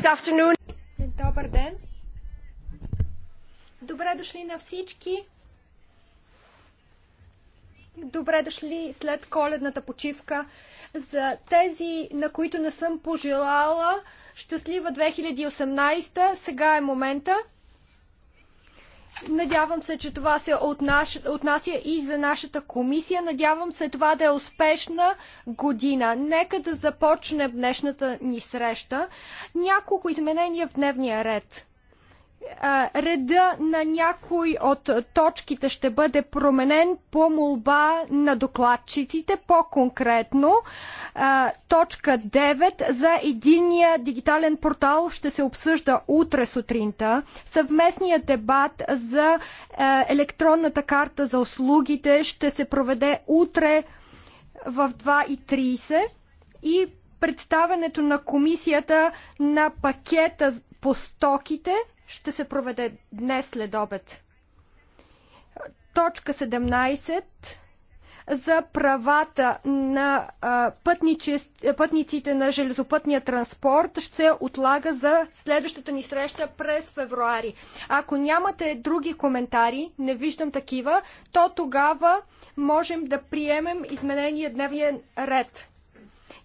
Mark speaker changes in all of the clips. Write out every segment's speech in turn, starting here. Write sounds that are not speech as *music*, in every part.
Speaker 1: Добър ден! Добре дошли на всички! Добре дошли след коледната почивка. За тези, на които не съм пожелала, щастлива 2018, сега е момента. Надявам се, че това се отнася, отнася и за нашата комисия. Надявам се това да е успешна година. Нека да започне днешната ни среща. Няколко изменения в дневния ред реда на някой от точките ще бъде променен по молба на докладчиците, по-конкретно точка 9 за единия дигитален портал ще се обсъжда утре сутринта. Съвместният дебат за електронната карта за услугите ще се проведе утре в 2.30 и представенето на комисията на пакета по стоките – ще се проведе днес след обед. Точка 17 за правата на пътниче, пътниците на железопътния транспорт ще се отлага за следващата ни среща през февруари. Ако нямате други коментари, не виждам такива, то тогава можем да приемем изменения дневния ред.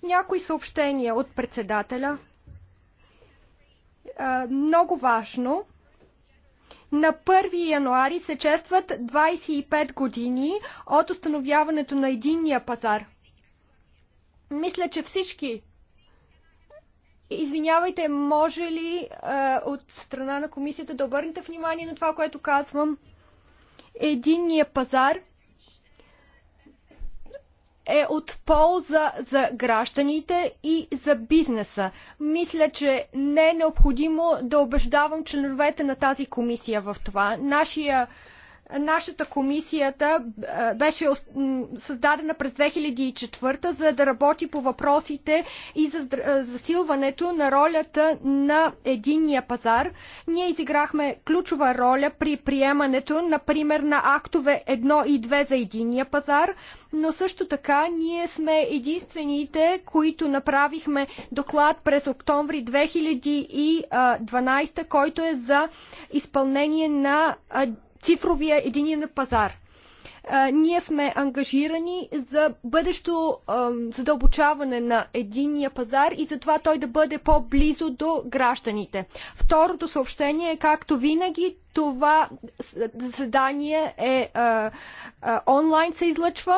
Speaker 1: Някои съобщения от председателя много важно. На 1 януари се честват 25 години от установяването на единния пазар. Мисля, че всички. Извинявайте, може ли е, от страна на комисията да обърнете внимание на това, което казвам? Единния пазар – е от полза за гражданите и за бизнеса. Мисля, че не е необходимо да убеждавам членовете на тази комисия в това. Нашия Нашата комисията беше създадена през 2004 за да работи по въпросите и за засилването на ролята на единния пазар. Ние изиграхме ключова роля при приемането, например, на актове 1 и 2 за единния пазар, но също така ние сме единствените, които направихме доклад през октомври 2012, който е за изпълнение на цифровия единен пазар. Ние сме ангажирани за бъдещо задълбочаване на единния пазар и за това той да бъде по-близо до гражданите. Второто съобщение е, както винаги, това заседание е онлайн се излъчва.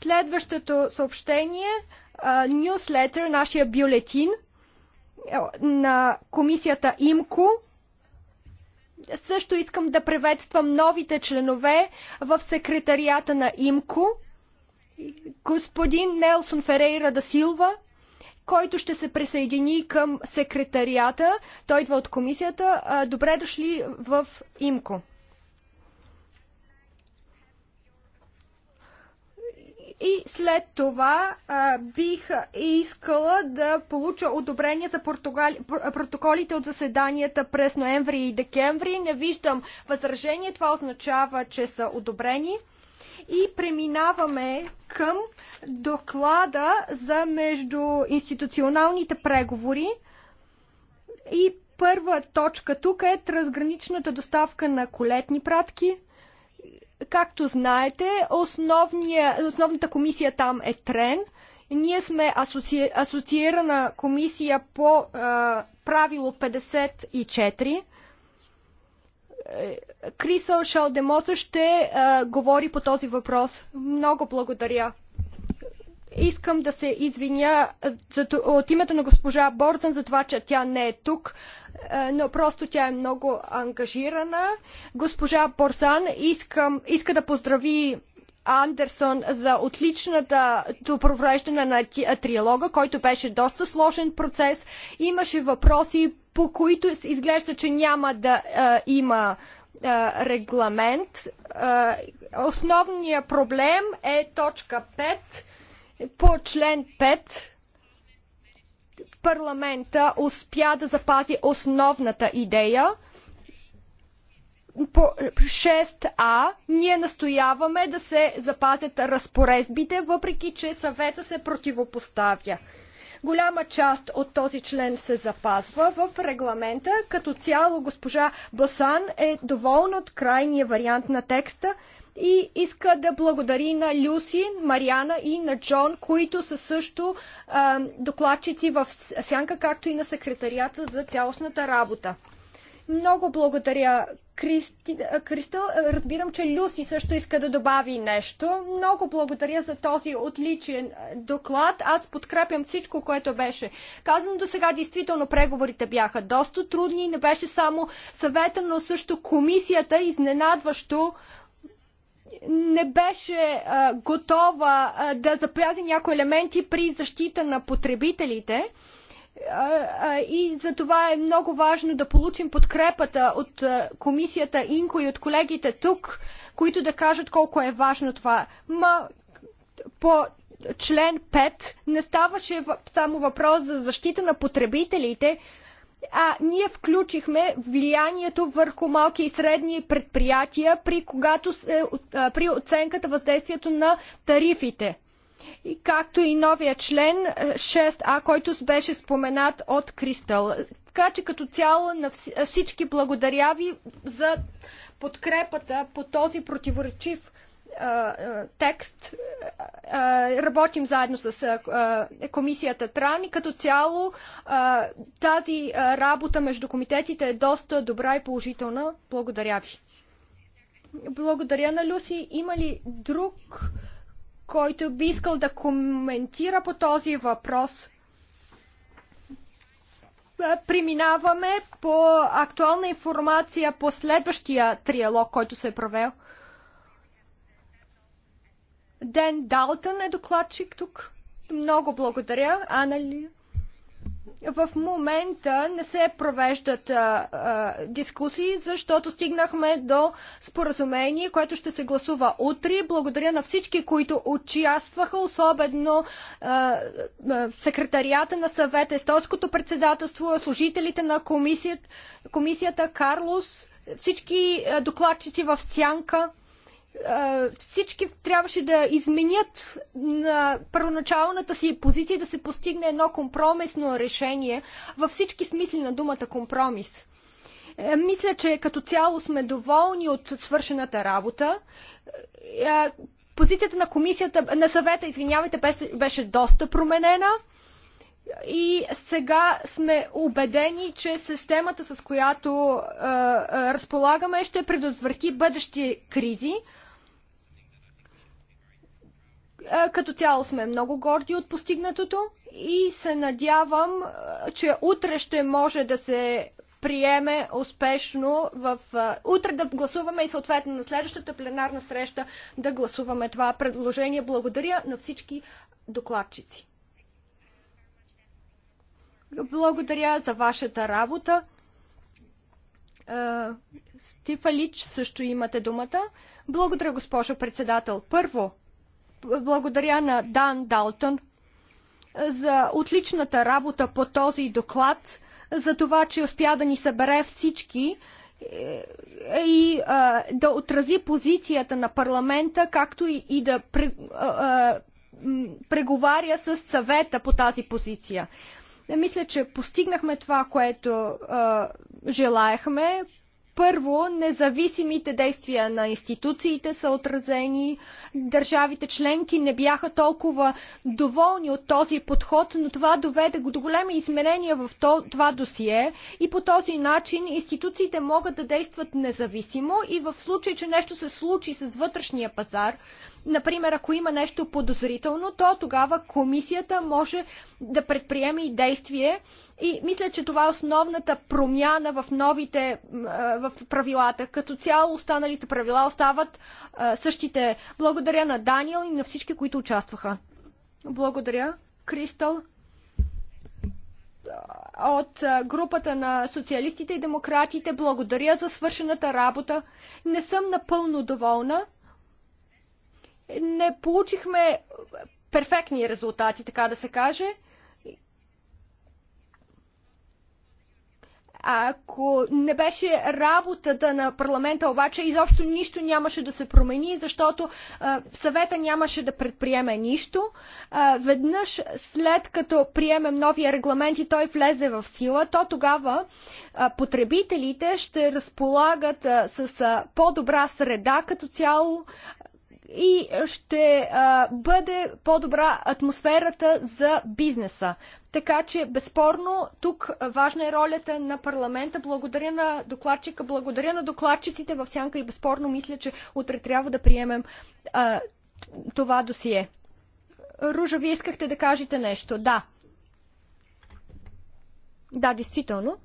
Speaker 1: Следващото съобщение нюслетър, нашия бюлетин е, на комисията ИМКО също искам да приветствам новите членове в секретарията на ИМКО. Господин Нелсон Ферейра да Силва, който ще се присъедини към секретарията. Той идва от комисията. Добре дошли в ИМКО. И след това а, бих искала да получа одобрение за протоколите от заседанията през ноември и декември. Не виждам възражение. Това означава, че са одобрени. И преминаваме към доклада за междуинституционалните преговори. И първа точка тук е трансграничната доставка на колетни пратки – Както знаете, основната комисия там е Трен. Ние сме асоци... асоциирана комисия по а, правило 54. Е, Крисъл Шалдемоса ще а, говори по този въпрос. Много благодаря. Искам да се извиня от името на госпожа Борзан за това, че тя не е тук, но просто тя е много ангажирана. Госпожа Борзан искам, иска да поздрави Андерсон за отличната провреждане на триалога, който беше доста сложен процес. Имаше въпроси, по които изглежда, че няма да а, има а, регламент. А, основният проблем е точка 5 по член 5 парламента успя да запази основната идея. По 6а ние настояваме да се запазят разпоредбите, въпреки че съвета се противопоставя. Голяма част от този член се запазва в регламента. Като цяло госпожа Босан е доволна от крайния вариант на текста – и иска да благодари на Люси, Мариана и на Джон, които са също а, докладчици в сянка, както и на секретарията за цялостната работа. Много благодаря, Кристи, Кристал. Разбирам, че Люси също иска да добави нещо. Много благодаря за този отличен доклад. Аз подкрепям всичко, което беше казано до сега. Действително, преговорите бяха доста трудни. Не беше само съвета, но също комисията изненадващо не беше а, готова а, да запрязи някои елементи при защита на потребителите. А, а, и за това е много важно да получим подкрепата от а, комисията Инко и от колегите тук, които да кажат колко е важно това. Ма, по член 5 не ставаше само въпрос за защита на потребителите, а ние включихме влиянието върху малки и средни предприятия при, когато, е, при оценката въздействието на тарифите. И както и новия член 6А, е, който беше споменат от Кристал. Така че като цяло на всички благодаря ви за подкрепата по този противоречив текст. Работим заедно с комисията Тран и като цяло тази работа между комитетите е доста добра и положителна. Благодаря ви. Благодаря на Люси. Има ли друг, който би искал да коментира по този въпрос? Преминаваме по актуална информация по следващия триалог, който се е провел. Ден Далтън е докладчик тук. Много благодаря, Анали. В момента не се провеждат а, а, дискусии, защото стигнахме до споразумение, което ще се гласува утре. Благодаря на всички, които участваха, особено а, а, секретарията на съвета, естонското председателство, служителите на комисията, комисията Карлос, всички докладчици в Сянка всички трябваше да изменят на първоначалната си позиция да се постигне едно компромисно решение във всички смисли на думата компромис. Е, мисля, че като цяло сме доволни от свършената работа. Е, позицията на комисията, на съвета, извинявайте, беше доста променена. И сега сме убедени, че системата, с която е, е разполагаме, ще предотврати бъдещи кризи. Е, като цяло сме много горди от постигнатото и се надявам, е, че утре ще може да се приеме успешно в е, утре да гласуваме и съответно на следващата пленарна среща да гласуваме това предложение. Благодаря на всички докладчици. Благодаря за вашата работа. Стифа Лич също имате думата. Благодаря, госпожо председател. Първо, благодаря на Дан Далтон за отличната работа по този доклад, за това, че успя да ни събере всички е, е, и а, да отрази позицията на парламента, както и, и да пре, а, а, преговаря с съвета по тази позиция. Мисля, че постигнахме това, което а, желаехме. Първо, независимите действия на институциите са отразени. Държавите членки не бяха толкова доволни от този подход, но това доведе до големи изменения в това досие и по този начин институциите могат да действат независимо и в случай, че нещо се случи с вътрешния пазар, например, ако има нещо подозрително, то тогава комисията може да предприеме и действие и мисля, че това е основната промяна в новите в правилата. Като цяло останалите правила остават същите. Благодаря на Даниел и на всички, които участваха. Благодаря. Кристал от групата на социалистите и демократите. Благодаря за свършената работа. Не съм напълно доволна. Не получихме перфектни резултати, така да се каже. Ако не беше работата на парламента, обаче изобщо нищо нямаше да се промени, защото а, съвета нямаше да предприеме нищо. А, веднъж след като приемем новия регламент и той влезе в сила, то тогава а, потребителите ще разполагат а, с а, по-добра среда като цяло, и ще а, бъде по-добра атмосферата за бизнеса. Така че, безспорно, тук важна е ролята на парламента. Благодаря на докладчика, благодаря на докладчиците в Сянка и безспорно мисля, че утре трябва да приемем а, това досие. Ружа, вие искахте да кажете нещо. Да. Да, действително.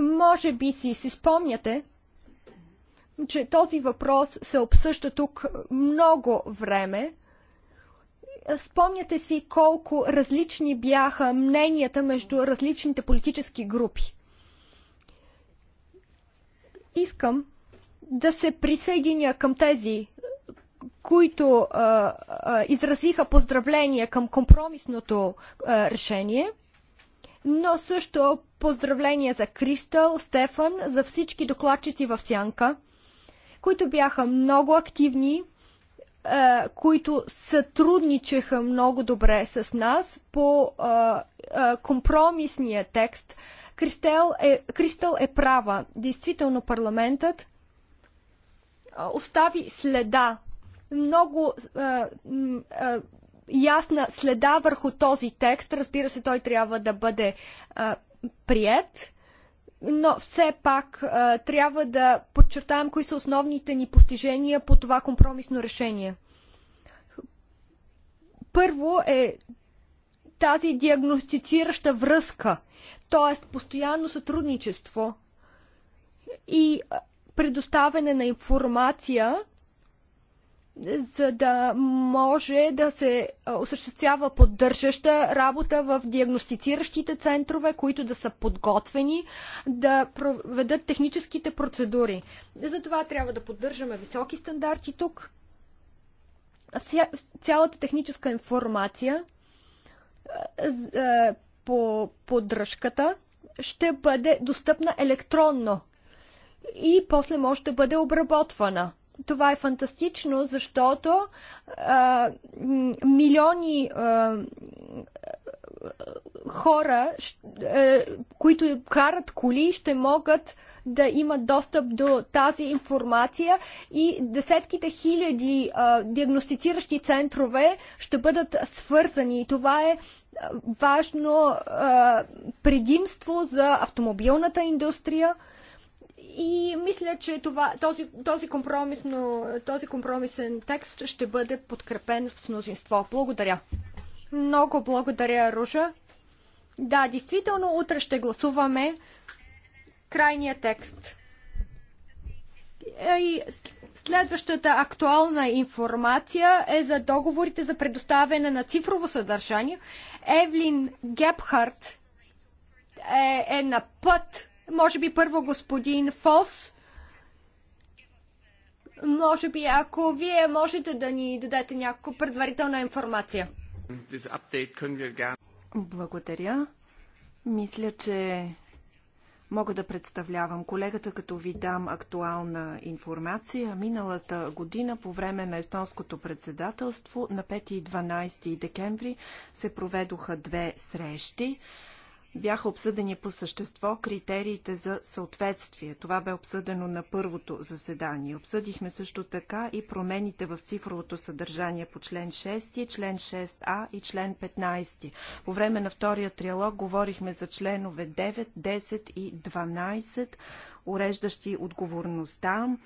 Speaker 1: Може би си, си спомняте, че този въпрос се обсъжда тук много време. Спомняте си колко различни бяха мненията между различните политически групи. Искам да се присъединя към тези, които а, а, изразиха поздравления към компромисното а, решение, но също поздравления за Кристал, Стефан, за всички докладчици в Сянка – които бяха много активни, които сътрудничаха много добре с нас по компромисния текст. Кристел е, Кристел е права. Действително парламентът остави следа, много ясна следа върху този текст. Разбира се, той трябва да бъде а, прият но все пак а, трябва да подчертаем кои са основните ни постижения по това компромисно решение. Първо е тази диагностицираща връзка, т.е. постоянно сътрудничество и предоставяне на информация за да може да се осъществява поддържаща работа в диагностициращите центрове, които да са подготвени да проведат техническите процедури. Затова трябва да поддържаме високи стандарти тук. Цялата техническа информация по поддръжката ще бъде достъпна електронно и после може да бъде обработвана това е фантастично, защото а, милиони а, хора, а, които карат коли, ще могат да имат достъп до тази информация и десетките хиляди а, диагностициращи центрове ще бъдат свързани. Това е важно а, предимство за автомобилната индустрия. И мисля, че това, този, този, компромисно, този компромисен текст ще бъде подкрепен с мнозинство. Благодаря. Много благодаря, Ружа. Да, действително, утре ще гласуваме крайния текст. И следващата актуална информация е за договорите за предоставяне на цифрово съдържание. Евлин Гепхарт е, е на път може би първо господин Фос. Може би, ако вие можете да
Speaker 2: ни дадете някаква предварителна информация. Благодаря. Мисля, че мога да представлявам колегата, като ви дам актуална информация. Миналата година, по време на естонското председателство, на 5 и 12 декември се проведоха две срещи бяха обсъдени по същество критериите за съответствие. Това бе обсъдено на първото заседание. Обсъдихме също така и промените в цифровото съдържание по член 6, член 6а и член 15. По време на втория триалог говорихме за членове 9, 10 и 12, уреждащи отговорността,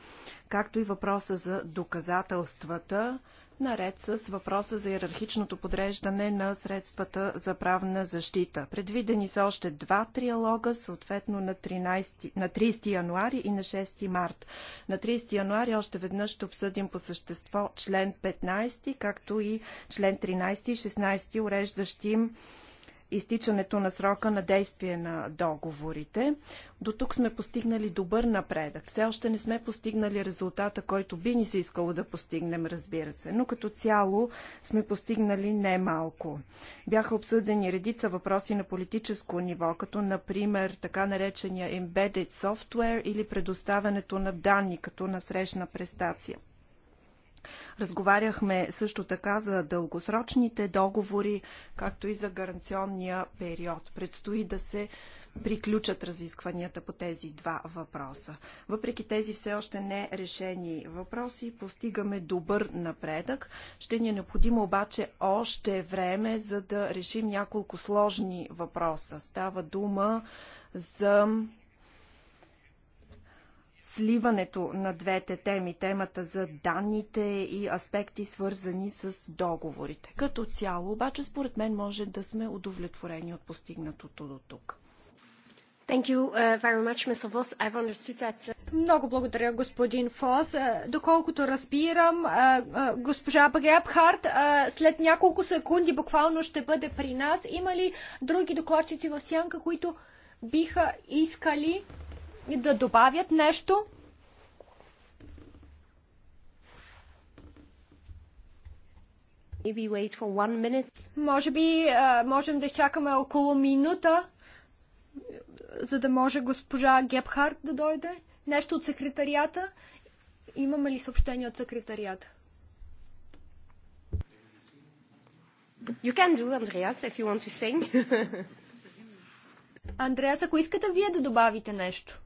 Speaker 2: както и въпроса за доказателствата наред с въпроса за иерархичното подреждане на средствата за правна защита. Предвидени са още два триалога, съответно на, 13, на 30 януари и на 6 март. На 30 януари още веднъж ще обсъдим по същество член 15, както и член 13 и 16, уреждащи им изтичането на срока на действие на договорите. До тук сме постигнали добър напредък. Все още не сме постигнали резултата, който би ни се искало да постигнем, разбира се, но като цяло сме постигнали немалко. Бяха обсъдени редица въпроси на политическо ниво, като например така наречения embedded software или предоставянето на данни като насрещна престация. Разговаряхме също така за дългосрочните договори, както и за гаранционния период. Предстои да се приключат разискванията по тези два въпроса. Въпреки тези все още не решени въпроси, постигаме добър напредък. Ще ни е необходимо обаче още време, за да решим няколко сложни въпроса. Става дума за сливането на двете теми, темата за данните и аспекти свързани с договорите. Като цяло, обаче, според мен може да сме удовлетворени от постигнатото до тук.
Speaker 1: Много благодаря, господин Фос. Е, доколкото разбирам, е, е, госпожа Багебхарт след няколко секунди буквално ще бъде при нас. Има ли други докладчици в сянка, които биха искали и да добавят нещо. Може би можем да изчакаме около минута, за да може госпожа Гепхард да дойде. Нещо от секретарията. Имаме ли съобщение от секретарията?
Speaker 2: You can do, Andreas, if you want to sing.
Speaker 1: *laughs* Андреас, ако искате вие да добавите нещо.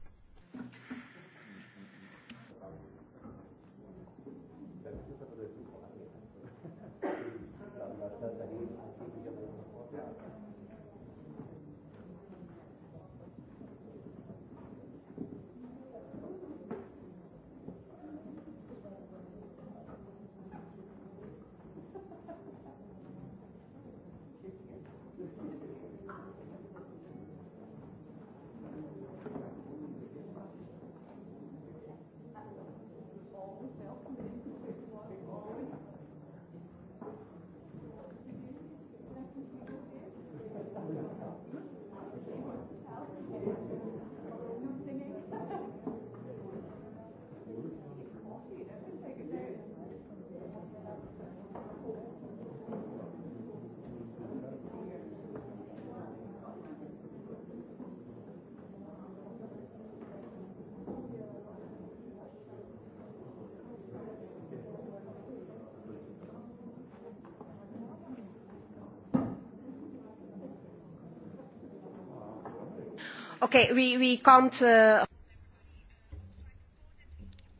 Speaker 2: Okay, we, we can't... Uh,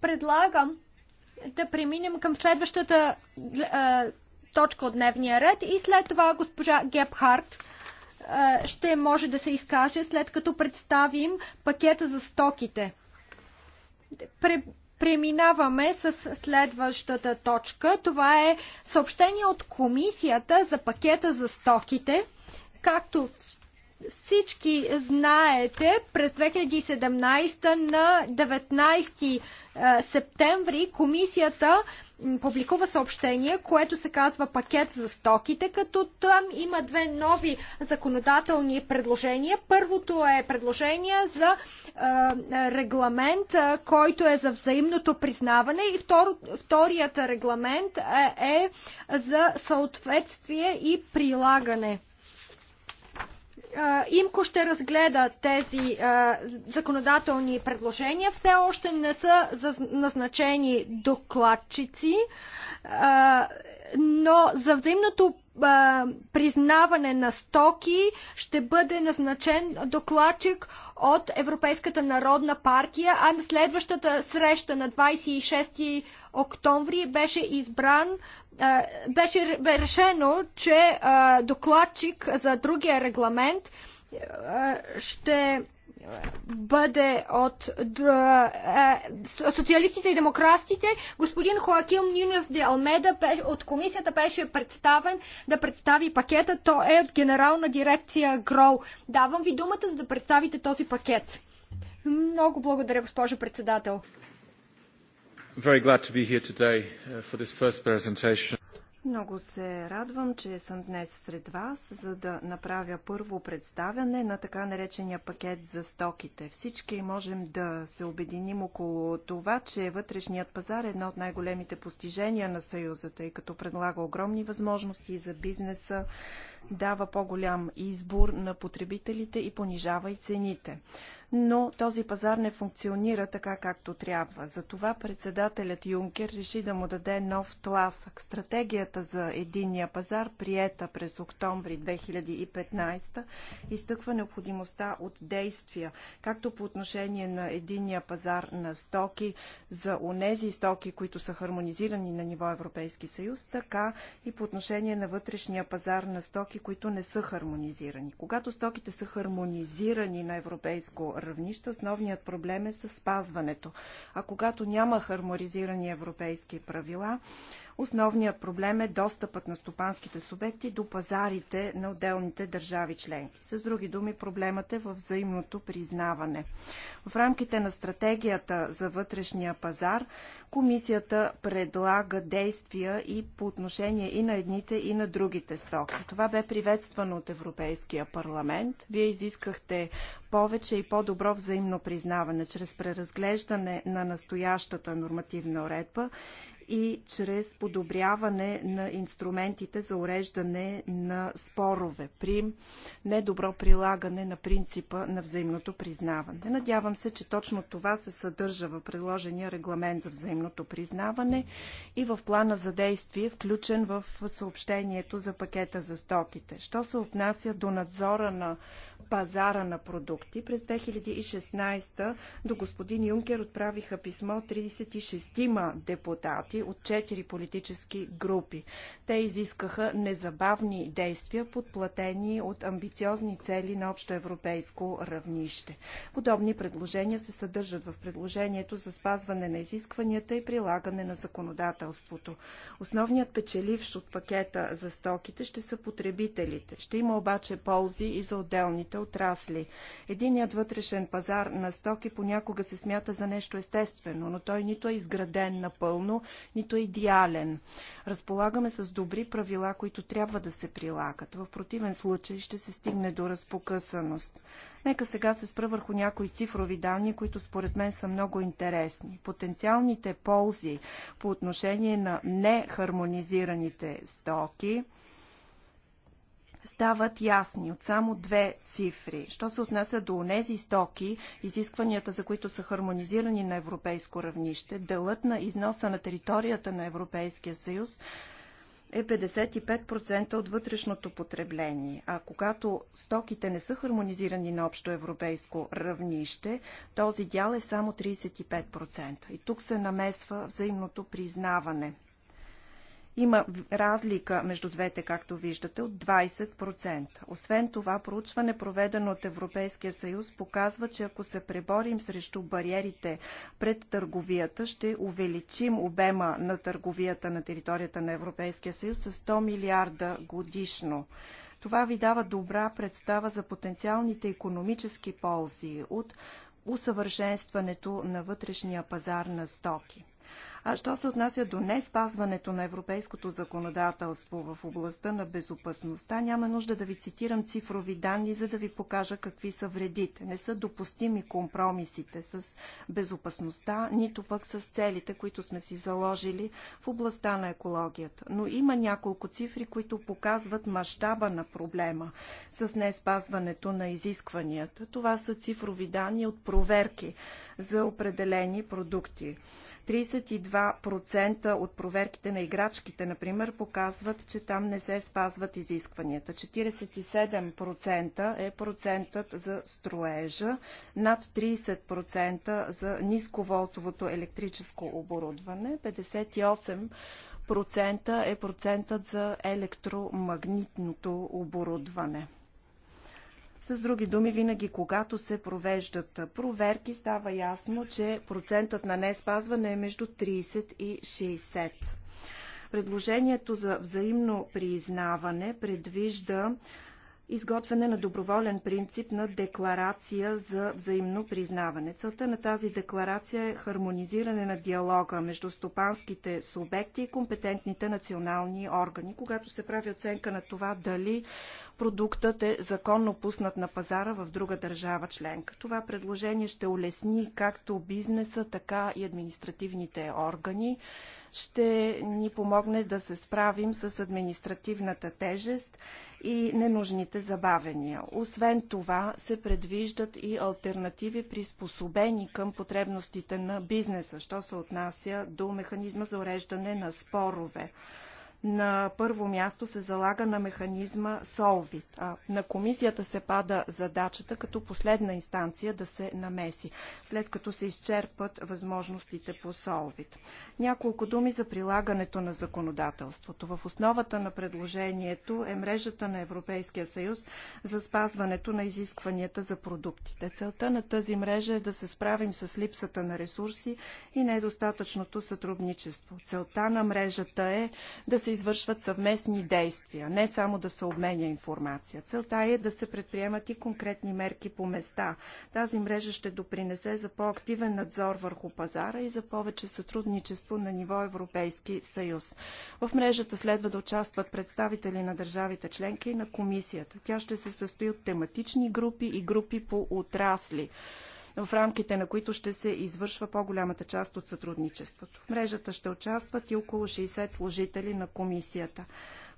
Speaker 1: Предлагам да преминем към следващата а, е, точка от дневния ред и след това госпожа Гепхарт а, е, ще може да се изкаже след като представим пакета за стоките. Пре, преминаваме с следващата точка. Това е съобщение от комисията за пакета за стоките. Както всички знаете, през 2017 на 19 е, септември комисията публикува съобщение, което се казва пакет за стоките, като там има две нови законодателни предложения. Първото е предложение за е, регламент, е, който е за взаимното признаване и вторият регламент е, е за съответствие и прилагане. Имко ще разгледа тези законодателни предложения. Все още не са назначени докладчици, но за взаимното признаване на стоки ще бъде назначен докладчик от Европейската народна партия, а на следващата среща на 26 октомври беше избран, беше решено, че докладчик за другия регламент ще бъде от е, социалистите и демократите. Господин Хоакил Нюнес де Алмеда от комисията беше представен да представи пакета. То е от генерална дирекция ГРОУ. Давам ви думата, за да представите този пакет. Много благодаря, госпожо
Speaker 2: председател. I'm very glad to be here today uh, for this first presentation. Много се радвам, че съм днес сред вас, за да направя първо представяне на така наречения пакет за стоките. Всички можем да се обединим около това, че вътрешният пазар е едно от най-големите постижения на Съюза, тъй като предлага огромни възможности за бизнеса, дава по-голям избор на потребителите и понижава и цените. Но този пазар не функционира така както трябва. Затова председателят Юнкер реши да му даде нов тласък. Стратегията за единния пазар, приета през октомври 2015, изтъква необходимостта от действия, както по отношение на единния пазар на стоки, за онези стоки, които са хармонизирани на ниво Европейски съюз, така и по отношение на вътрешния пазар на стоки, стоки, които не са хармонизирани. Когато стоките са хармонизирани на европейско равнище, основният проблем е с спазването. А когато няма хармонизирани европейски правила, Основният проблем е достъпът на стопанските субекти до пазарите на отделните държави членки. С други думи, проблемът е в взаимното признаване. В рамките на стратегията за вътрешния пазар, комисията предлага действия и по отношение и на едните, и на другите стоки. Това бе приветствано от Европейския парламент. Вие изискахте повече и по-добро взаимно признаване чрез преразглеждане на настоящата нормативна уредба и чрез подобряване на инструментите за уреждане на спорове при недобро прилагане на принципа на взаимното признаване. Надявам се, че точно това се съдържа в предложения регламент за взаимното признаване и в плана за действие, включен в съобщението за пакета за стоките. Що се отнася до надзора на пазара на продукти. През 2016 до господин Юнкер отправиха писмо 36-ма депутати от 4 политически групи. Те изискаха незабавни действия, подплатени от амбициозни цели на общо европейско равнище. Подобни предложения се съдържат в предложението за спазване на изискванията и прилагане на законодателството. Основният печеливш от пакета за стоките ще са потребителите. Ще има обаче ползи и за отделните отрасли. Единият вътрешен пазар на стоки понякога се смята за нещо естествено, но той нито е изграден напълно, нито е идеален. Разполагаме с добри правила, които трябва да се прилагат. В противен случай ще се стигне до разпокъсаност. Нека сега се спра върху някои цифрови данни, които според мен са много интересни. Потенциалните ползи по отношение на нехармонизираните стоки – стават ясни от само две цифри. Що се отнася до тези стоки, изискванията за които са хармонизирани на европейско равнище, делът на износа на територията на Европейския съюз е 55% от вътрешното потребление, а когато стоките не са хармонизирани на общо европейско равнище, този дял е само 35%. И тук се намесва взаимното признаване – има разлика между двете, както виждате, от 20%. Освен това, проучване, проведено от Европейския съюз, показва, че ако се преборим срещу бариерите пред търговията, ще увеличим обема на търговията на територията на Европейския съюз с 100 милиарда годишно. Това ви дава добра представа за потенциалните економически ползи от усъвършенстването на вътрешния пазар на стоки. А що се отнася до не спазването на европейското законодателство в областта на безопасността, няма нужда да ви цитирам цифрови данни, за да ви покажа какви са вредите. Не са допустими компромисите с безопасността, нито пък с целите, които сме си заложили в областта на екологията. Но има няколко цифри, които показват мащаба на проблема с не спазването на изискванията. Това са цифрови данни от проверки за определени продукти. 32 42% от проверките на играчките, например, показват, че там не се спазват изискванията. 47% е процентът за строежа, над 30% за нисковолтовото електрическо оборудване, 58% процента е процентът за електромагнитното оборудване. С други думи, винаги когато се провеждат проверки, става ясно, че процентът на не спазване е между 30 и 60. Предложението за взаимно признаване предвижда изготвяне на доброволен принцип на декларация за взаимно признаване. Целта на тази декларация е хармонизиране на диалога между стопанските субекти и компетентните национални органи, когато се прави оценка на това дали продуктът е законно пуснат на пазара в друга държава членка. Това предложение ще улесни както бизнеса, така и административните органи ще ни помогне да се справим с административната тежест и ненужните забавения. Освен това се предвиждат и альтернативи приспособени към потребностите на бизнеса, що се отнася до механизма за уреждане на спорове. На първо място се залага на механизма Solvit. на комисията се пада задачата като последна инстанция да се намеси, след като се изчерпат възможностите по Solvit. Няколко думи за прилагането на законодателството. В основата на предложението е мрежата на Европейския съюз за спазването на изискванията за продуктите. Целта на тази мрежа е да се справим с липсата на ресурси и недостатъчното сътрудничество. Целта на мрежата е да се се извършват съвместни действия, не само да се обменя информация. Целта е да се предприемат и конкретни мерки по места. Тази мрежа ще допринесе за по-активен надзор върху пазара и за повече сътрудничество на ниво Европейски съюз. В мрежата следва да участват представители на държавите членки и на комисията. Тя ще се състои от тематични групи и групи по отрасли в рамките на които ще се извършва по-голямата част от сътрудничеството. В мрежата ще участват и около 60 служители на комисията.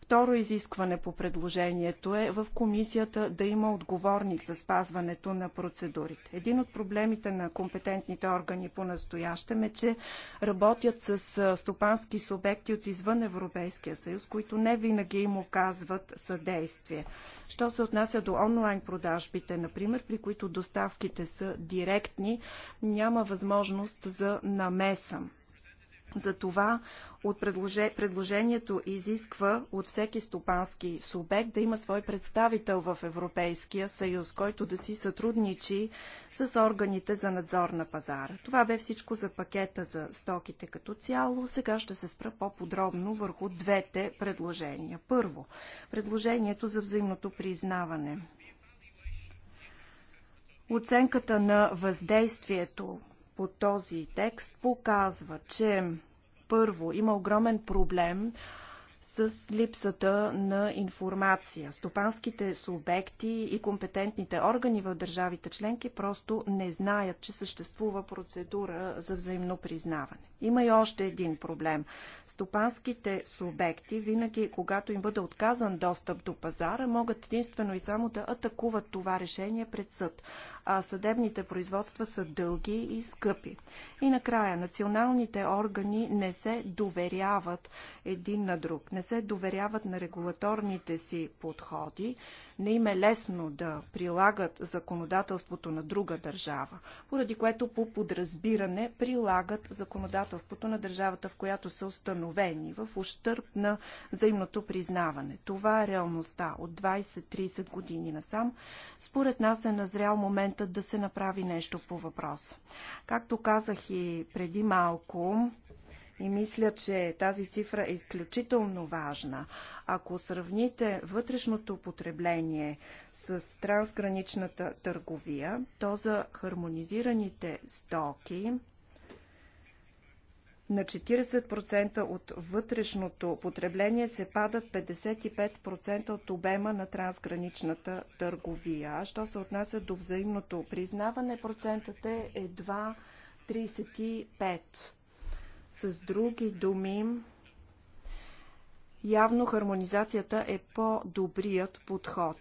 Speaker 2: Второ изискване по предложението е в комисията да има отговорник за спазването на процедурите. Един от проблемите на компетентните органи по настоящем е, че работят с стопански субекти от извън Европейския съюз, които не винаги им оказват съдействие. Що се отнася до онлайн продажбите, например, при които доставките са директни, няма възможност за намеса. Затова от предложение, предложението изисква от всеки стопански субект да има свой представител в Европейския съюз, който да си сътрудничи с органите за надзор на пазара. Това бе всичко за пакета за стоките като цяло. Сега ще се спра по-подробно върху двете предложения. Първо, предложението за взаимното признаване. Оценката на въздействието по този текст показва, че първо има огромен проблем с липсата на информация. Стопанските субекти и компетентните органи в държавите членки просто не знаят, че съществува процедура за взаимно признаване. Има и още един проблем. Стопанските субекти, винаги когато им бъде отказан достъп до пазара, могат единствено и само да атакуват това решение пред съд а съдебните производства са дълги и скъпи. И накрая, националните органи не се доверяват един на друг, не се доверяват на регулаторните си подходи, не им е лесно да прилагат законодателството на друга държава, поради което по подразбиране прилагат законодателството на държавата, в която са установени, в ущърп на взаимното признаване. Това е реалността от 20-30 години насам. Според нас е назрял моментът да се направи нещо по въпроса. Както казах и преди малко, и мисля, че тази цифра е изключително важна. Ако сравните вътрешното потребление с трансграничната търговия, то за хармонизираните стоки на 40% от вътрешното потребление се падат 55% от обема на трансграничната търговия. А що се отнася до взаимното признаване, процентът е едва 35%. С други думи, явно хармонизацията е по-добрият подход.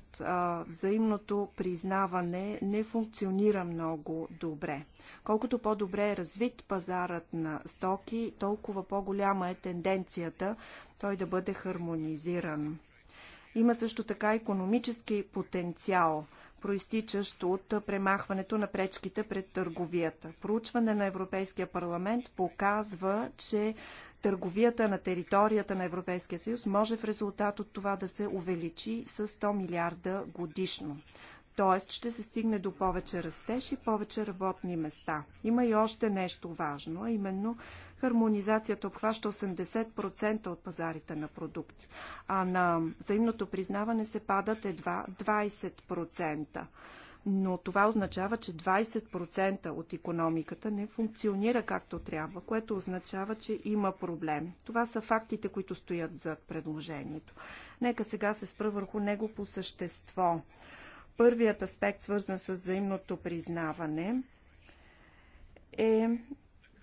Speaker 2: Взаимното признаване не функционира много добре. Колкото по-добре е развит пазарът на стоки, толкова по-голяма е тенденцията той да бъде хармонизиран. Има също така економически потенциал проистичащ от премахването на пречките пред търговията. Проучване на Европейския парламент показва, че търговията на територията на Европейския съюз може в резултат от това да се увеличи с 100 милиарда годишно. Тоест ще се стигне до повече растеж и повече работни места. Има и още нещо важно, а именно хармонизацията обхваща 80% от пазарите на продукти, а на взаимното признаване се падат едва 20% но това означава, че 20% от економиката не функционира както трябва, което означава, че има проблем. Това са фактите, които стоят зад предложението. Нека сега се спра върху него по същество. Първият аспект, свързан с взаимното признаване, е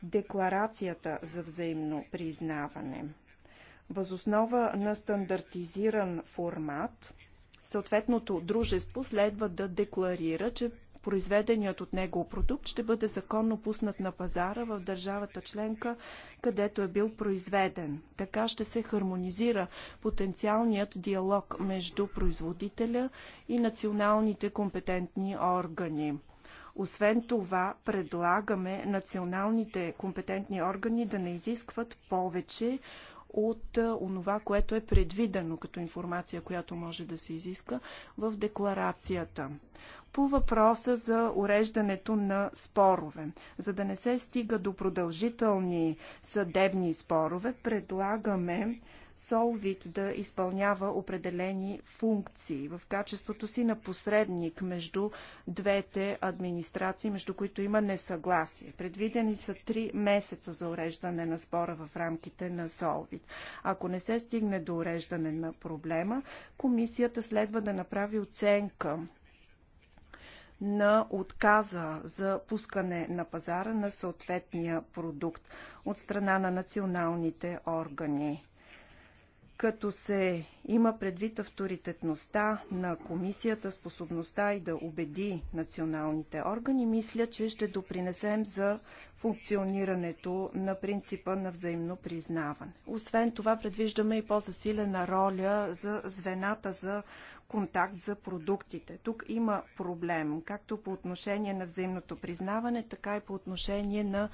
Speaker 2: декларацията за взаимно признаване. Възоснова на стандартизиран формат, съответното дружество следва да декларира, че произведеният от него продукт ще бъде законно пуснат на пазара в държавата членка, където е бил произведен. Така ще се хармонизира потенциалният диалог между производителя и националните компетентни органи. Освен това, предлагаме националните компетентни органи да не изискват повече от онова, което е предвидено като информация, която може да се изиска в декларацията. По въпроса за уреждането на спорове. За да не се стига до продължителни съдебни спорове, предлагаме Солвит да изпълнява определени функции в качеството си на посредник между двете администрации, между които има несъгласие. Предвидени са три месеца за уреждане на спора в рамките на Солвит. Ако не се стигне до уреждане на проблема, комисията следва да направи оценка на отказа за пускане на пазара на съответния продукт от страна на националните органи като се има предвид авторитетността на комисията, способността и да убеди националните органи, мисля, че ще допринесем за функционирането на принципа на взаимно признаване. Освен това, предвиждаме и по-засилена роля за звената за контакт за продуктите. Тук има проблем, както по отношение на взаимното признаване, така и по отношение на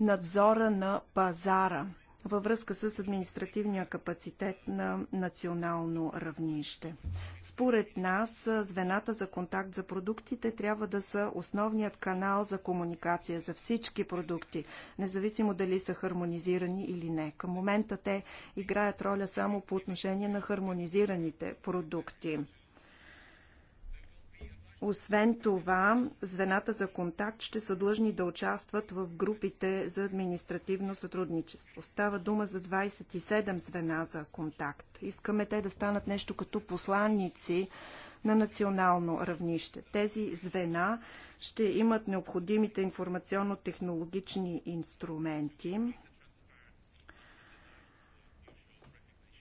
Speaker 2: надзора на пазара – във връзка с административния капацитет на национално равнище. Според нас, звената за контакт за продуктите трябва да са основният канал за комуникация за всички продукти, независимо дали са хармонизирани или не. Към момента те играят роля само по отношение на хармонизираните продукти. Освен това, звената за контакт ще са длъжни да участват в групите за административно сътрудничество. Става дума за 27 звена за контакт. Искаме те да станат нещо като посланници на национално равнище. Тези звена ще имат необходимите информационно-технологични инструменти,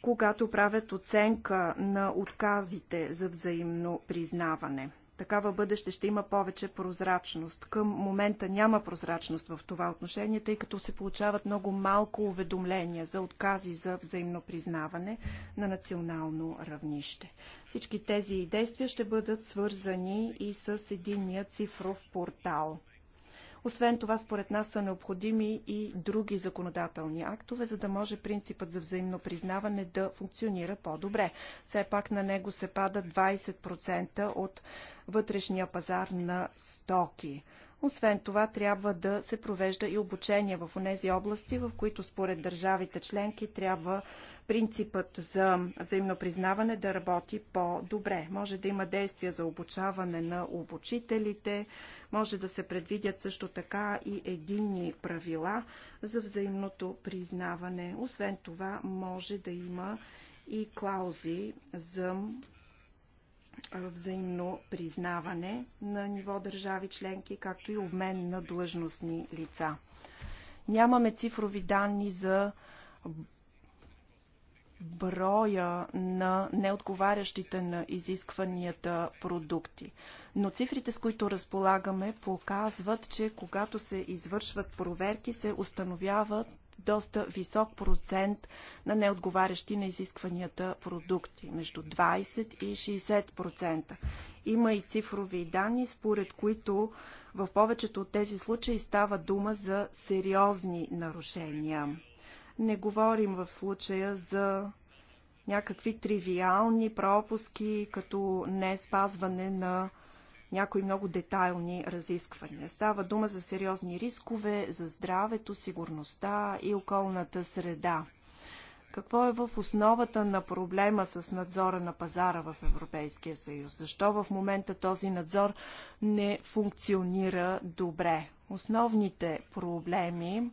Speaker 2: когато правят оценка на отказите за взаимно признаване – такава бъдеще ще има повече прозрачност. Към момента няма прозрачност в това отношение, тъй като се получават много малко уведомления за откази за взаимно признаване на национално равнище. Всички тези действия ще бъдат свързани и с единния цифров портал. Освен това, според нас са необходими и други законодателни актове, за да може принципът за взаимно признаване да функционира по-добре. Все пак на него се пада 20% от вътрешния пазар на стоки. Освен това, трябва да се провежда и обучение в тези области, в които според държавите членки трябва принципът за взаимно признаване да работи по-добре. Може да има действия за обучаване на обучителите, може да се предвидят също така и единни правила за взаимното признаване. Освен това, може да има и клаузи за взаимно признаване на ниво държави членки, както и обмен на длъжностни лица. Нямаме цифрови данни за броя на неотговарящите на изискванията продукти. Но цифрите, с които разполагаме, показват, че когато се извършват проверки, се установяват доста висок процент на неотговарящи на изискванията продукти, между 20 и 60%. Има и цифрови данни, според които в повечето от тези случаи става дума за сериозни нарушения. Не говорим в случая за някакви тривиални пропуски, като не спазване на някои много детайлни разисквания. Става дума за сериозни рискове за здравето, сигурността и околната среда. Какво е в основата на проблема с надзора на пазара в Европейския съюз? Защо в момента този надзор не функционира добре? Основните проблеми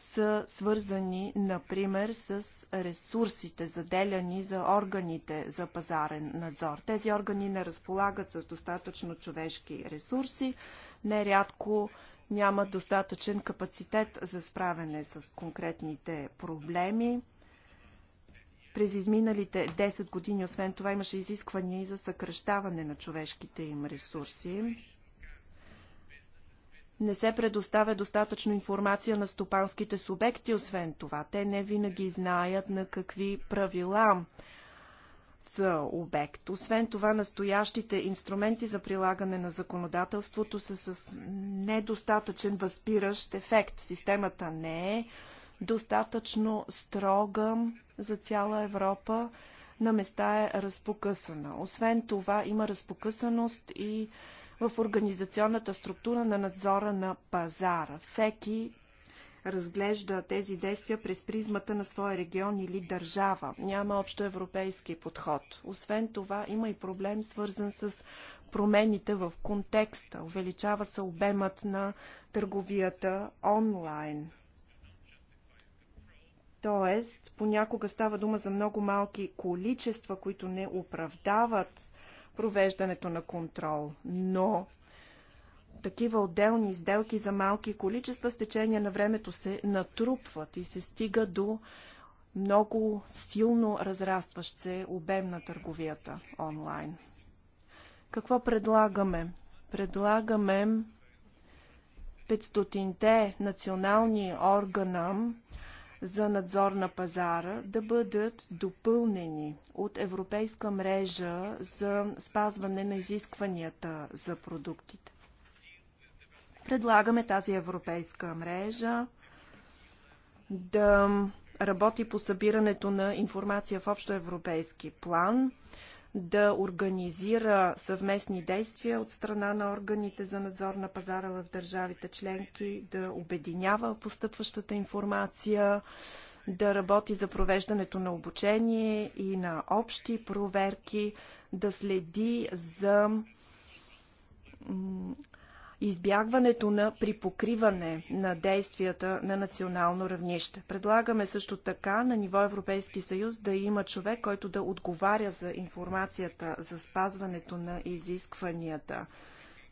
Speaker 2: са свързани, например, с ресурсите, заделяни за органите за пазарен надзор. Тези органи не разполагат с достатъчно човешки ресурси, нерядко нямат достатъчен капацитет за справяне с конкретните проблеми. През изминалите 10 години, освен това, имаше изисквания и за съкръщаване на човешките им ресурси. Не се предоставя достатъчно информация на стопанските субекти, освен това. Те не винаги знаят на какви правила са обект. Освен това, настоящите инструменти за прилагане на законодателството са с недостатъчен възпиращ ефект. Системата не е достатъчно строга за цяла Европа. На места е разпокъсана. Освен това, има разпокъсаност и в организационната структура на надзора на пазара. Всеки разглежда тези действия през призмата на своя регион или държава. Няма общо европейски подход. Освен това, има и проблем свързан с промените в контекста. Увеличава се обемът на търговията онлайн. Тоест, понякога става дума за много малки количества, които не оправдават провеждането на контрол, но такива отделни изделки за малки количества с течение на времето се натрупват и се стига до много силно разрастващ се обем на търговията онлайн. Какво предлагаме? Предлагаме 500-те национални органа за надзор на пазара да бъдат допълнени от европейска мрежа за спазване на изискванията за продуктите. Предлагаме тази европейска мрежа да работи по събирането на информация в общоевропейски план, да организира съвместни действия от страна на органите за надзор на пазара в държавите членки, да обединява постъпващата информация, да работи за провеждането на обучение и на общи проверки, да следи за избягването на припокриване на действията на национално равнище. Предлагаме също така на ниво Европейски съюз да има човек, който да отговаря за информацията за спазването на изискванията.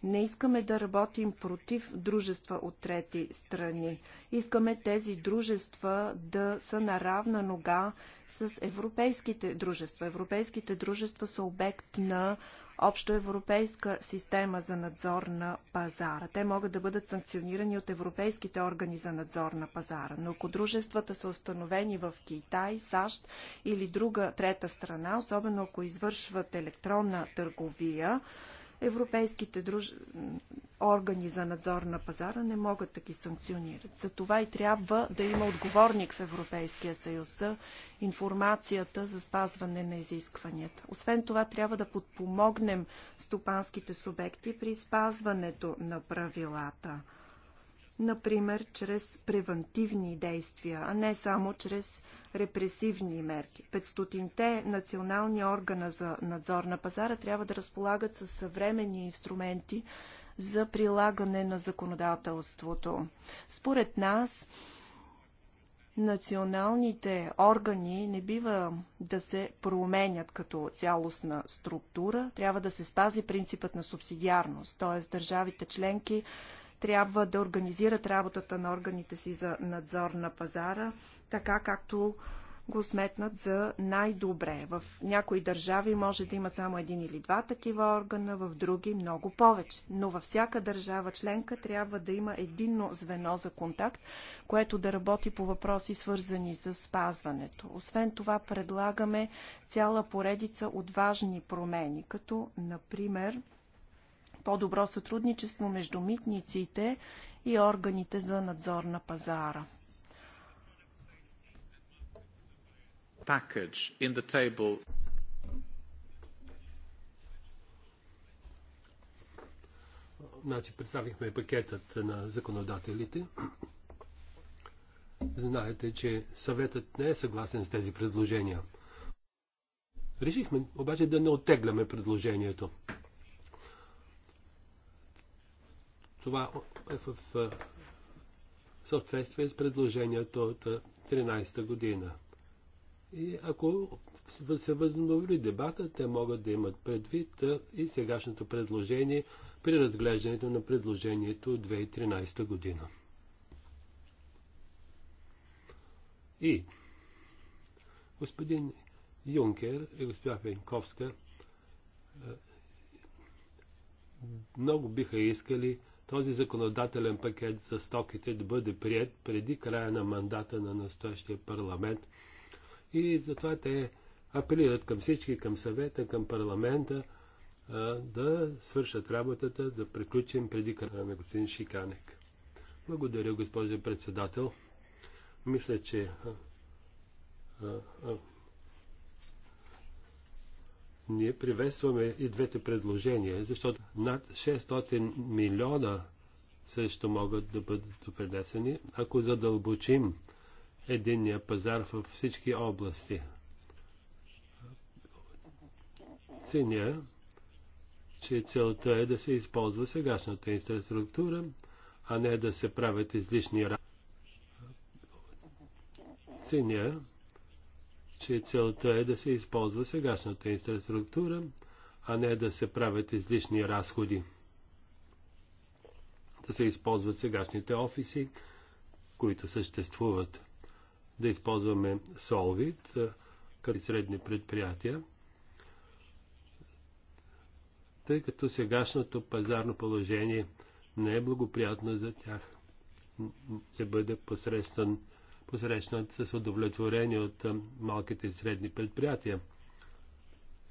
Speaker 2: Не искаме да работим против дружества от трети страни. Искаме тези дружества да са на равна нога с европейските дружества. Европейските дружества са обект на общоевропейска система за надзор на пазара. Те могат да бъдат санкционирани от европейските органи за надзор на пазара, но ако дружествата са установени в Китай, САЩ или друга трета страна, особено ако извършват електронна търговия, европейските друж... органи за надзор на пазара не могат да ги санкционират. За това и трябва да има отговорник в Европейския съюз за информацията за спазване на изискванията. Освен това, трябва да подпомогнем стопанските субекти при спазването на правилата. Например, чрез превентивни действия, а не само чрез репресивни мерки. 500-те национални органа за надзор на пазара трябва да разполагат с съвременни инструменти за прилагане на законодателството. Според нас, националните органи не бива да се променят като цялостна структура. Трябва да се спази принципът на субсидиарност, т.е. държавите членки трябва да организират работата на органите си за надзор на пазара, така както го сметнат за най-добре. В някои държави може да има само един или два такива органа, в други много повече. Но във всяка държава членка трябва да има единно звено за контакт, което да работи по въпроси свързани с спазването. Освен това предлагаме цяла поредица от важни промени, като например по-добро сътрудничество между митниците и органите за надзор на пазара.
Speaker 3: Значи представихме пакетът на законодателите. Знаете, че съветът не е съгласен с тези предложения. Решихме обаче да не оттегляме предложението. Това е в съответствие с предложението от 13-та година. И ако се възобнови дебата, те могат да имат предвид и сегашното предложение при разглеждането на предложението от 2013 година. И господин Юнкер и госпожа Пенковска много биха искали този законодателен пакет за стоките да бъде прият преди края на мандата на настоящия парламент. И затова те апелират към всички, към съвета, към парламента да свършат работата, да приключим преди края на господин Шиканек. Благодаря, госпожо председател. Мисля, че ние приветстваме и двете предложения, защото над 600 милиона също могат да бъдат допринесени, ако задълбочим единния пазар във всички области. Ценя, че целта е да се използва сегашната инфраструктура, а не да се правят излишни ценя, че целта е да се използва сегашната инфраструктура, а не да се правят излишни разходи. Да се използват сегашните офиси, които съществуват. Да използваме Solvit, като средни предприятия, тъй като сегашното пазарно положение не е благоприятно за тях. Ще бъде посрещан посрещнат с удовлетворение от малките и средни предприятия.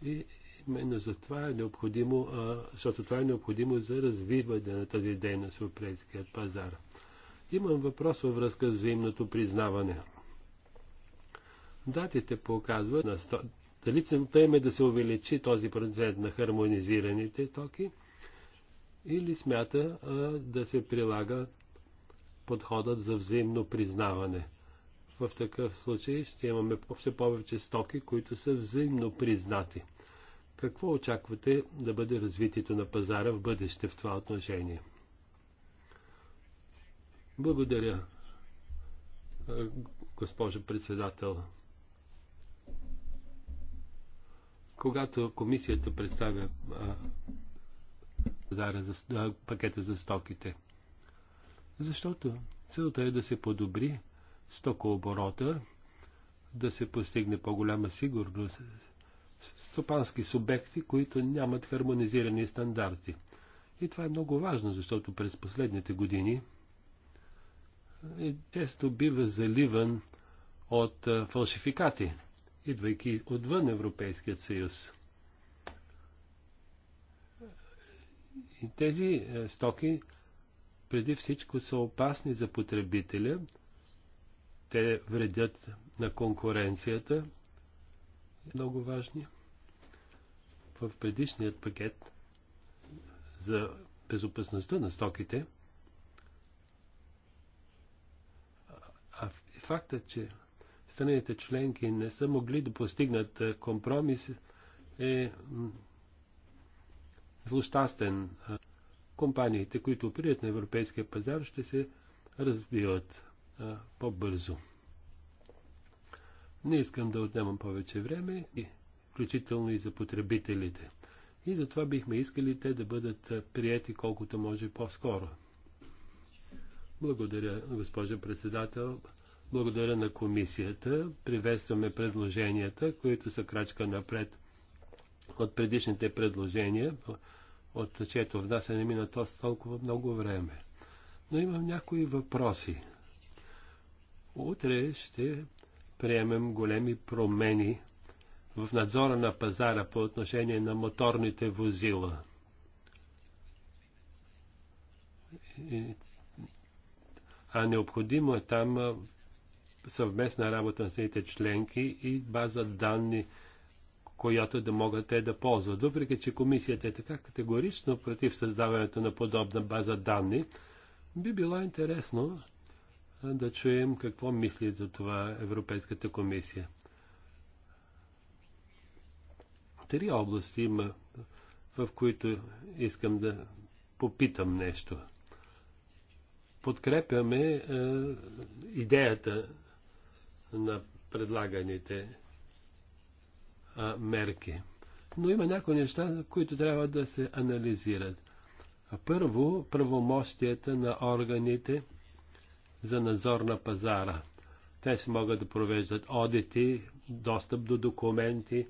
Speaker 3: И именно за това е необходимо, защото това е необходимо за развиване на тази дейност в европейския пазар. Имам въпрос във връзка с взаимното признаване. Датите показват на 100, дали целта им е да се увеличи този процент на хармонизираните токи или смята а, да се прилага подходът за взаимно признаване в такъв случай ще имаме все повече стоки, които са взаимно признати. Какво очаквате да бъде развитието на пазара в бъдеще в това отношение? Благодаря, госпожо председател. Когато комисията представя а, пазара за, а, пакета за стоките, защото целта е да се подобри стокооборота, да се постигне по-голяма сигурност. Стопански субекти, които нямат хармонизирани стандарти. И това е много важно, защото през последните години е, често бива заливан от фалшификати, идвайки отвън Европейският съюз. И тези е, стоки преди всичко са опасни за потребителя, те вредят на конкуренцията. Много важни. В предишният пакет за безопасността на стоките – А фактът, че страните членки не са могли да постигнат компромис е злощастен. Компаниите, които оперират на европейския пазар, ще се развиват по-бързо. Не искам да отнемам повече време, включително и за потребителите. И затова бихме искали те да бъдат прияти колкото може по-скоро. Благодаря, госпожа председател. Благодаря на комисията. Приветстваме предложенията, които са крачка напред от предишните предложения, от чето внасяне мина толкова много време. Но имам някои въпроси Утре ще приемем големи промени в надзора на пазара по отношение на моторните возила. А необходимо е там съвместна работа на страните членки и база данни, която да могат те да ползват. Въпреки, че комисията е така категорично против създаването на подобна база данни, би било интересно да чуем какво мисли за това Европейската комисия. Три области има, в които искам да попитам нещо. Подкрепяме е, идеята на предлаганите е, мерки. Но има някои неща, които трябва да се анализират. Първо, правомощията на органите – за надзор на пазара. Те ще могат да провеждат одити, достъп до документи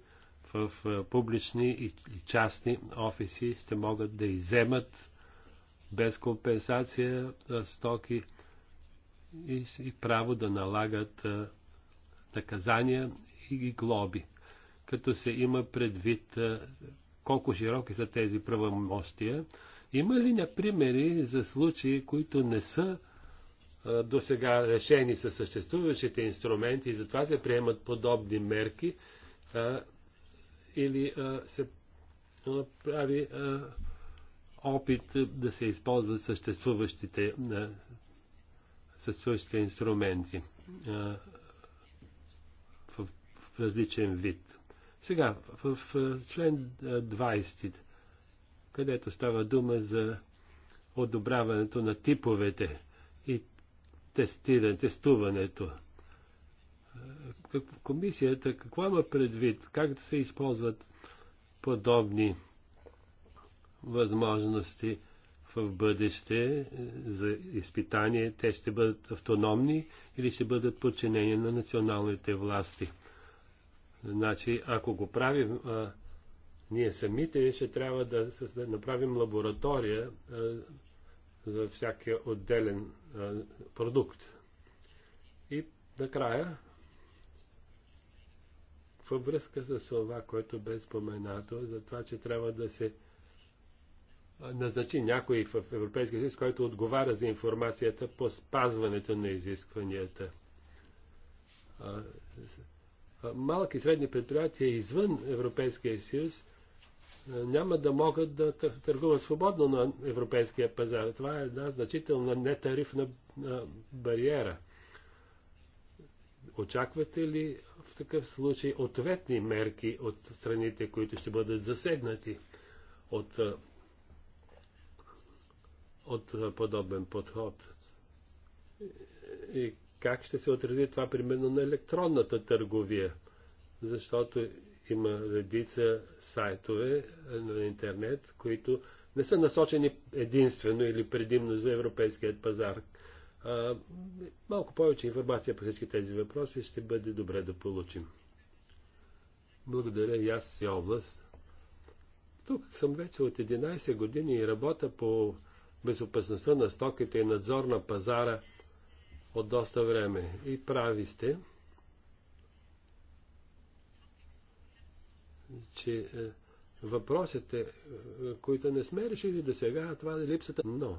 Speaker 3: в е, публични и частни офиси, ще могат да иземат без компенсация е, стоки и, и право да налагат е, наказания и глоби. Като се има предвид колко широки са тези правомощия, има ли примери за случаи, които не са до сега решени са съществуващите инструменти и затова се приемат подобни мерки а, или а, се а, прави а, опит да се използват съществуващите, а, съществуващите инструменти а, в, в различен вид. Сега, в, в член 20, където става дума за одобряването на типовете и тестиране, тестуването. Комисията какво има предвид? Как да се използват подобни възможности в бъдеще за изпитание? Те ще бъдат автономни или ще бъдат подчинени на националните власти? Значи, ако го правим а, ние самите, ще трябва да, да направим лаборатория а, за всяки отделен а, продукт. И накрая, във връзка с това, което бе споменато, за това, че трябва да се назначи някой в Европейския съюз, който отговаря за информацията по спазването на изискванията. А, малки и средни предприятия извън Европейския съюз е, няма да могат да търгуват свободно на европейския пазар. Това е една значителна нетарифна бариера. Очаквате ли в такъв случай ответни мерки от страните, които ще бъдат засегнати от, от подобен подход? И как ще се отрази това примерно на електронната търговия? Защото има редица сайтове на интернет, които не са насочени единствено или предимно за европейският пазар. А, малко повече информация по всички тези въпроси ще бъде добре да получим. Благодаря и аз и област. Тук съм вече от 11 години и работя по безопасността на стоките и надзор на пазара от доста време. И прави сте. че е, въпросите, е, които не сме решили до сега, това е липсата. Но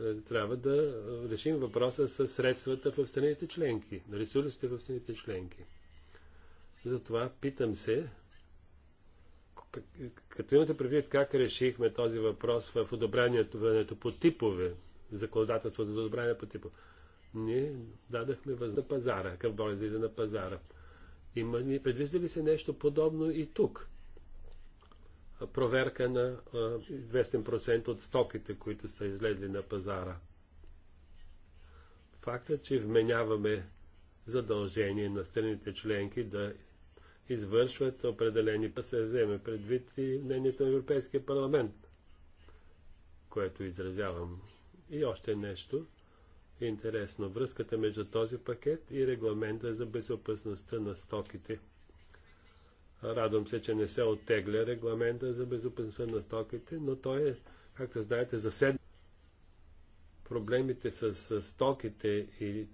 Speaker 3: е, трябва да решим въпроса с средствата в страните членки, на ресурсите в страните членки. Затова питам се, като имате предвид как решихме този въпрос в одобрението по типове, законодателство за одобрение по типове, ние дадахме въз на пазара, към болезни на пазара. Има, ни предвижда ли се нещо подобно и тук? Проверка на а, известен процент от стоките, които са излезли на пазара. Факта, че вменяваме задължение на страните членки да извършват определени па се вземе предвид и мнението на Европейския парламент, което изразявам. И още нещо – е интересно. Връзката между този пакет и регламента за безопасността на стоките. Радвам се, че не се оттегля регламента за безопасността на стоките, но той е, както знаете, сед... Проблемите с, с стоките и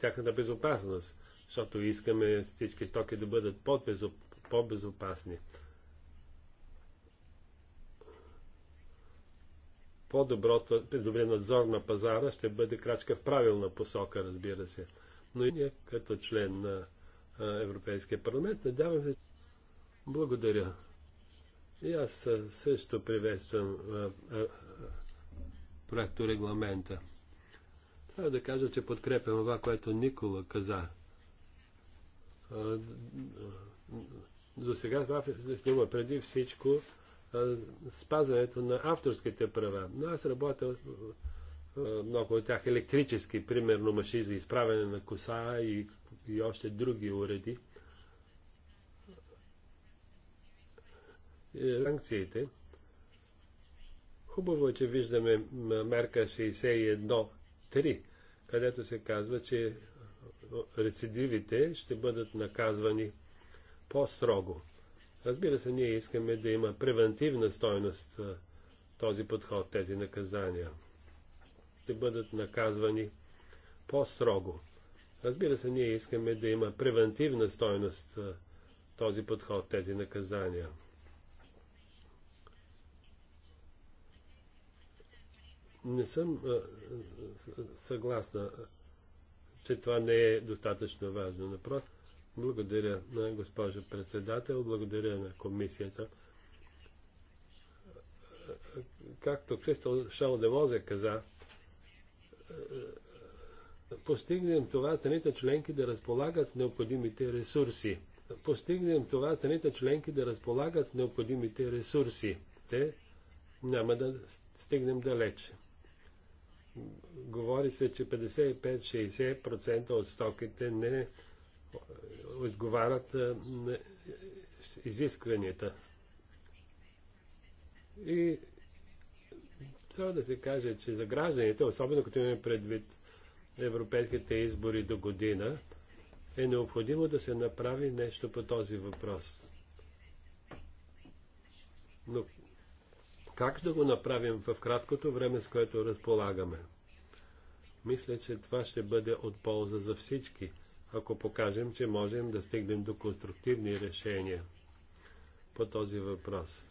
Speaker 3: тяхната безопасност, защото искаме всички стоки да бъдат по-безопасни. по-доброто, при добрия надзор на пазара ще бъде крачка в правилна посока, разбира се. Но и ние, като член на Европейския парламент, надявам се. Благодаря. И аз също приветствам проекто регламента. Трябва да кажа, че подкрепям това, което Никола каза. До сега това преди всичко спазването на авторските права. Но аз работя много от тях електрически, примерно маши за изправяне на коса и, и още други уреди. Е, санкциите. Хубаво е, че виждаме мерка 61.3, където се казва, че рецидивите ще бъдат наказвани по-строго. Разбира се, ние искаме да има превентивна стойност този подход, тези наказания. Да бъдат наказвани по-строго. Разбира се, ние искаме да има превентивна стойност този подход, тези наказания. Не съм съгласна, че това не е достатъчно важно. Напротив, благодаря на госпожа председател, благодаря на комисията. Както Кристал Шал Демозе каза, постигнем това страните членки да разполагат с необходимите ресурси. Постигнем това страните членки да разполагат с необходимите ресурси. Те няма да стигнем далече. Говори се, че 55-60% от стоките не отговарят на изискванията. И трябва да се каже, че за гражданите, особено като имаме предвид европейските избори до година, е необходимо да се направи нещо по този въпрос. Но как да го направим в краткото време, с което разполагаме? Мисля, че това ще бъде от полза за всички ако покажем, че можем да стигнем до конструктивни решения по този въпрос.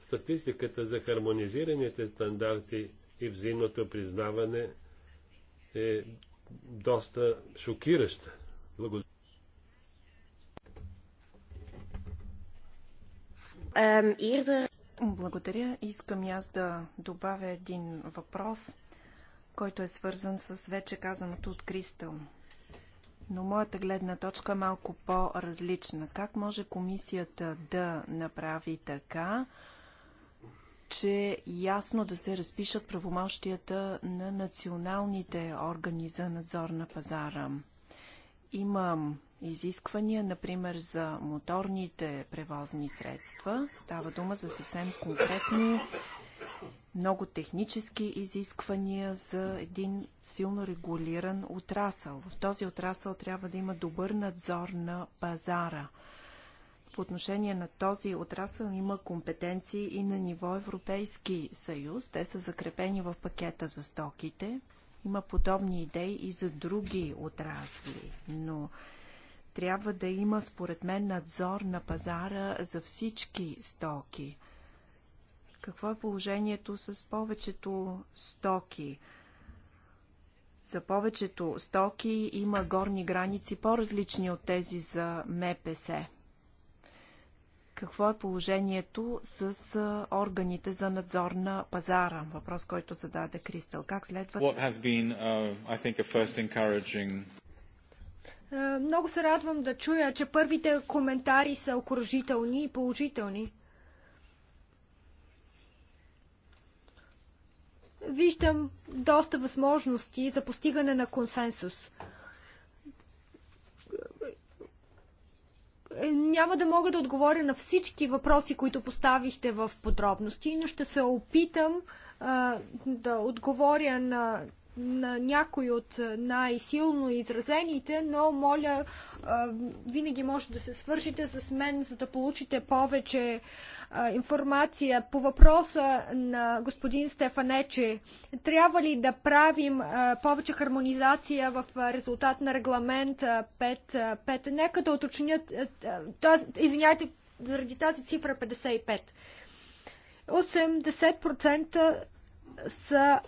Speaker 3: Статистиката за хармонизираните стандарти и взаимното признаване е доста шокираща. Благодаря.
Speaker 2: Благодаря. Искам и аз да добавя един въпрос който е свързан с вече казаното от Кристал. Но моята гледна точка е малко по-различна. Как може комисията да направи така, че ясно да се разпишат правомощията на националните органи за надзор на пазара? Имам изисквания, например за моторните превозни средства. Става дума за съвсем конкретни много технически изисквания за един силно регулиран отрасъл. В този отрасъл трябва да има добър надзор на пазара. По отношение на този отрасъл има компетенции и на ниво Европейски съюз. Те са закрепени в пакета за стоките. Има подобни идеи и за други отрасли, но трябва да има, според мен, надзор на пазара за всички стоки – какво е положението с повечето стоки? За повечето стоки има горни граници по-различни от тези за МПС. Какво е положението с органите за надзор на пазара? Въпрос, който зададе Кристал. Как следва? Uh, е,
Speaker 1: много се радвам да чуя, че първите коментари са окружителни и положителни. виждам доста възможности за постигане на консенсус. Е, няма да мога да отговоря на всички въпроси, които поставихте в подробности, но ще се опитам а, да отговоря на на някои от най-силно изразените, но моля, винаги може да се свършите с мен, за да получите повече информация по въпроса на господин Стефанече. Трябва ли да правим повече хармонизация в резултат на регламент 5.5? Нека да уточнят, извиняйте, заради тази цифра 55. 80% са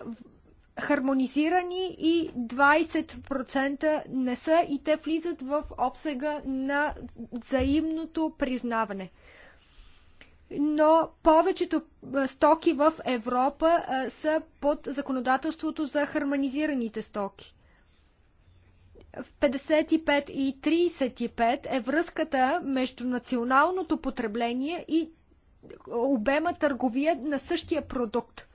Speaker 1: хармонизирани и 20% не са и те влизат в обсега на взаимното признаване. Но повечето стоки в Европа са под законодателството за хармонизираните стоки. В 55 и 35 е връзката между националното потребление и обема търговия на същия продукт –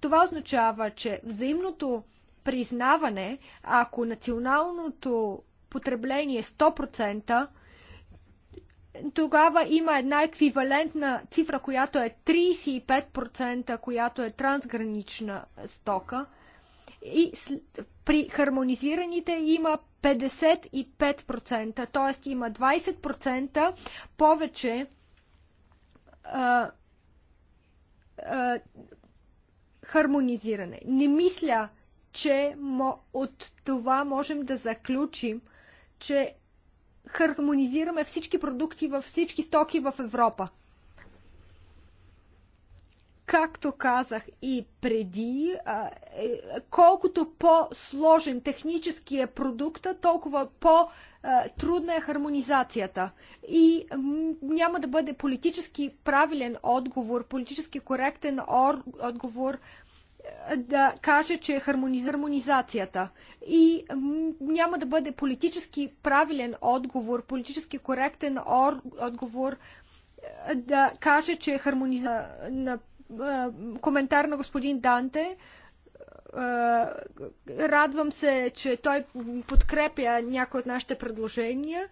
Speaker 1: това означава, че взаимното признаване, ако националното потребление е 100%, тогава има една еквивалентна цифра, която е 35%, която е трансгранична стока. И при хармонизираните има 55%, т.е. има 20% повече а, а, хармонизиране. Не мисля, че от това можем да заключим, че хармонизираме всички продукти във всички стоки в Европа. Както казах и преди, е, колкото по-сложен технически е продукта, толкова по- трудна е хармонизацията и няма да бъде политически правилен отговор, политически коректен отговор да каже, че е хармонизацията. И няма да бъде политически правилен отговор, политически коректен отговор да каже, че е хармонизация. На коментар на господин Данте, Радвам се, че той подкрепя някои от нашите предложения.